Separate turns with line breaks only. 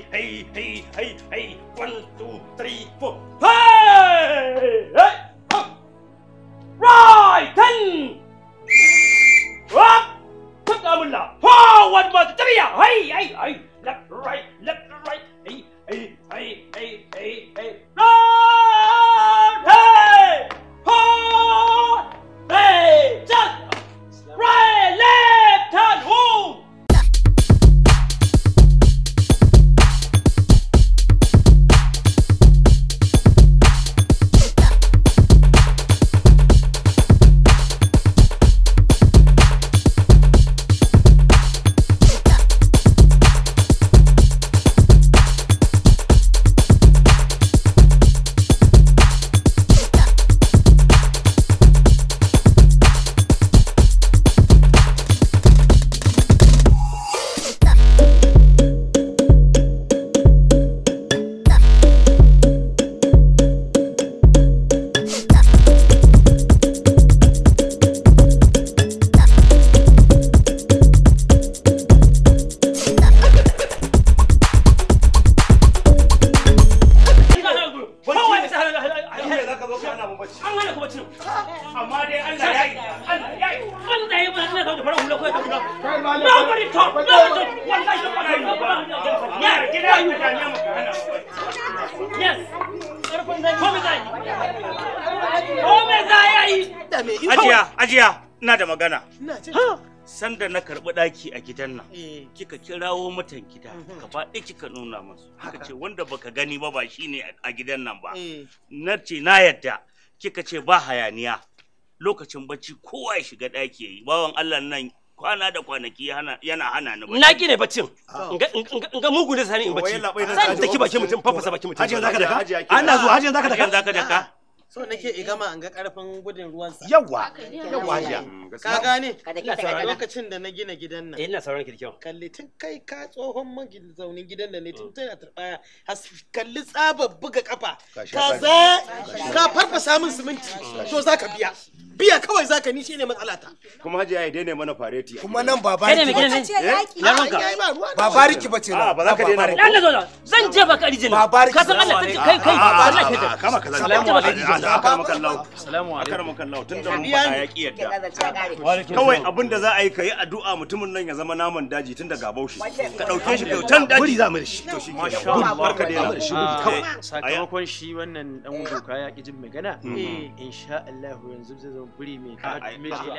hey, hey, hey, hey, one, two, three, four, hey, hey, up, right, ten, up, put the mulla, forward, one, three, hey, hey, hey, left, right, an hana kuma cin amma dai Allah ya yi Allah ya yi Allah ya yi ba Allah da fara hula ko ya tafi na nobody talk nobody wallahi da fara yi ba ya gida yi da ne maka yes karfin zai ko zai ko zai yi ajiya ajiya ina da magana sanda na karɓi ɗaki a gidan nan eh. kika kirawo mutan gida mhm. gaba ɗaya kika nuna masu kika ce wanda baka gani ba ba ne a gidan nan ba eh. na ce na yadda kika ce ba hayaniya lokacin bacci kowa ya shiga ɗaki yayi bawan Allah nan kwana da kwanaki yana hana ni bacci na ki ne baccin ah. ga mugu ne sani in bacci sai da ki bakin mutum fafasa bakin mutum haji zaka daka ana zuwa haji zaka daka zaka daka so nake gama an ga karfin gudun ruwan ruwansa yawa yawa ya ka gane lokacin da na gina gidan nan eh, ina sauran ki kyau kalli tun kai ka tsohon magin zaunin gidan nan ne tun tana turbaya has kalli tsaba buga kafa ka za ka farfasa min siminti to zaka biya biya kawai zaka ni shine matsala ta kuma haji ya daina mana fareti kuma nan ba bariki ne mai ba bariki eh? ba ba za ka daina ba zan je baka rijin ba bariki ka san Allah ta kai kai Allah ke da kama kaza salamu alaikum kama kallahu salamu alaikum kallahu tunda mun ba ya ki yadda kawai abin da za a yi kai addu'a mutumin nan ya zama naman daji tunda ga baushi ka dauke shi kyautan daji buri za mu da shi to shi masha Allah barka da shi sakamakon shi wannan dan doka ya ki jin magana mm. eh, insha Allah yanzu zai zama What do you mean? Ah, I, I,